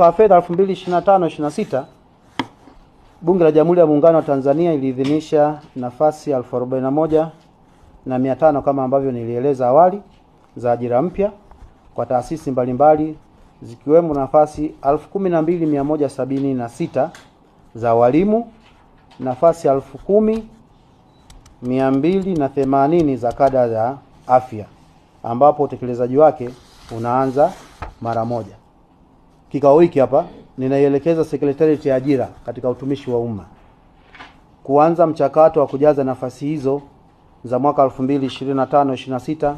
Mwaka wa fedha 2025/26 Bunge la Jamhuri ya Muungano wa Tanzania iliidhinisha nafasi elfu na 500 kama ambavyo nilieleza awali za ajira mpya kwa taasisi mbalimbali zikiwemo nafasi 12176 za walimu, nafasi 10280 za kada ya afya ambapo utekelezaji wake unaanza mara moja. Kikao hiki hapa ninaielekeza Sekretarieti ya Ajira katika Utumishi wa Umma kuanza mchakato wa kujaza nafasi hizo za mwaka 2025/26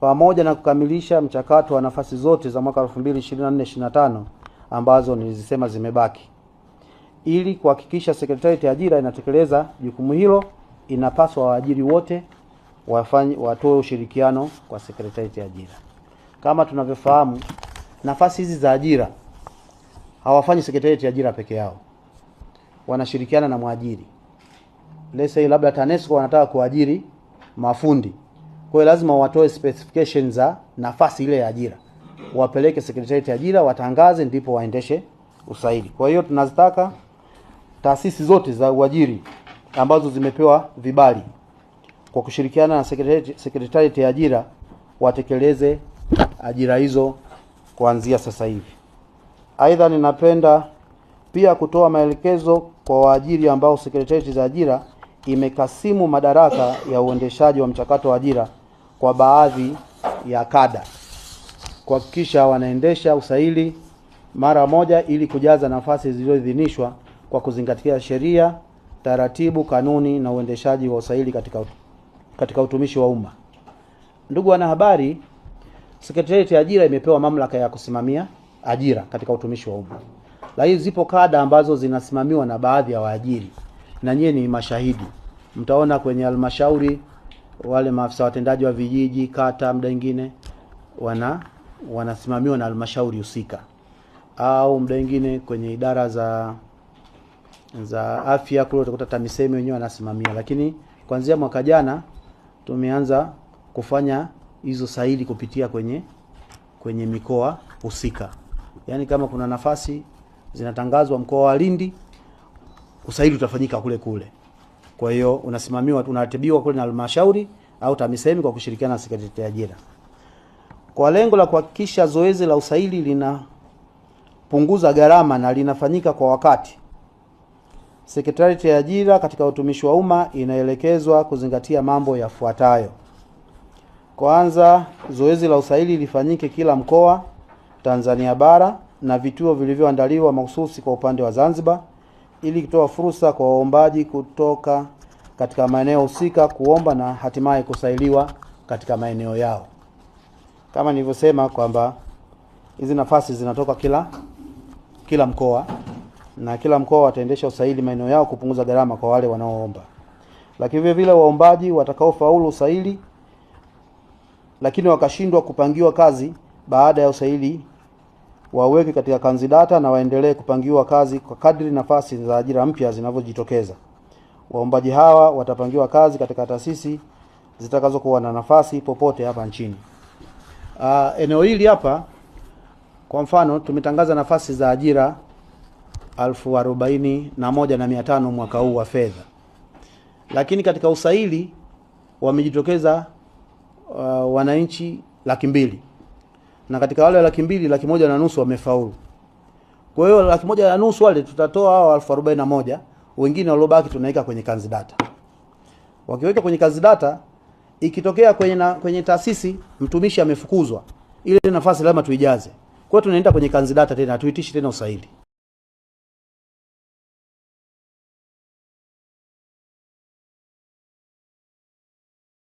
pamoja na kukamilisha mchakato wa nafasi zote za mwaka 2024/25 ambazo nilizisema zimebaki. Ili kuhakikisha Sekretarieti ya Ajira inatekeleza jukumu hilo, inapaswa waajiri wote wafanye watoe ushirikiano kwa Sekretarieti ya Ajira. Kama tunavyofahamu, nafasi hizi za ajira hawafanyi sekretarieti ya ajira peke yao, wanashirikiana na mwajiri. Let's say labda TANESCO wanataka kuajiri mafundi, kwa hiyo lazima watoe specification za nafasi ile ya ajira, wapeleke sekretarieti ya ajira, watangaze, ndipo waendeshe usaili. Kwa hiyo tunazitaka taasisi zote za uajiri ambazo zimepewa vibali kwa kushirikiana na sekretarieti ya ajira watekeleze ajira hizo kuanzia sasa hivi. Aidha, ninapenda pia kutoa maelekezo kwa waajiri ambao Sekretarieti za Ajira imekasimu madaraka ya uendeshaji wa mchakato wa ajira kwa baadhi ya kada, kuhakikisha wanaendesha usaili mara moja ili kujaza nafasi zilizoidhinishwa kwa kuzingatia sheria, taratibu, kanuni na uendeshaji wa usaili katika, katika utumishi wa umma. Ndugu wanahabari, Sekretarieti ya Ajira imepewa mamlaka ya kusimamia ajira katika utumishi wa umma. Lakini zipo kada ambazo zinasimamiwa na baadhi ya waajiri, na nyie ni mashahidi, mtaona kwenye halmashauri wale maafisa watendaji wa vijiji, kata, mda mwingine wana wanasimamiwa na halmashauri husika, au mda mwingine kwenye idara za za afya kule utakuta TAMISEMI wenyewe wanasimamia, lakini kuanzia mwaka jana tumeanza kufanya hizo sahili kupitia kwenye kwenye mikoa husika yaani kama kuna nafasi zinatangazwa mkoa wa Lindi, usaili utafanyika kule kule. Kwa hiyo unasimamiwa, unaratibiwa kule na halmashauri au TAMISEMI kwa kushirikiana na sekretarieti ya ajira kwa lengo la kuhakikisha zoezi la usaili linapunguza gharama na linafanyika kwa wakati. Sekretarieti ya ajira katika utumishi wa umma inaelekezwa kuzingatia mambo yafuatayo: kwanza, zoezi la usaili lifanyike kila mkoa Tanzania bara na vituo vilivyoandaliwa mahususi kwa upande wa Zanzibar ili kutoa fursa kwa waombaji kutoka katika maeneo husika kuomba na hatimaye kusailiwa katika maeneo yao. Kama nilivyosema kwamba hizi nafasi zinatoka kila kila mkoa na kila mkoa wataendesha usaili maeneo yao kupunguza gharama kwa wale wanaoomba, lakini vile vile waombaji watakaofaulu usaili lakini wakashindwa kupangiwa kazi baada ya usaili waweke katika kanzidata na waendelee kupangiwa kazi kwa kadri nafasi za ajira mpya zinavyojitokeza. Waombaji hawa watapangiwa kazi katika taasisi zitakazokuwa na nafasi popote hapa nchini. Uh, eneo hili hapa kwa mfano tumetangaza nafasi za ajira elfu arobaini na moja na mia tano mwaka huu wa fedha, lakini katika usaili wamejitokeza uh, wananchi laki mbili na katika wale laki mbili laki moja na nusu wamefaulu. Kwa hiyo laki moja na nusu wale tutatoa hao elfu arobaini na moja wengine waliobaki tunaweka kwenye kanzi data. Wakiweka kwenye kanzi data, ikitokea kwenye na, kwenye taasisi mtumishi amefukuzwa, ile nafasi lazima tuijaze. Kwa hiyo tunaenda kwenye kanzi data tena, tuitishi tena usaili.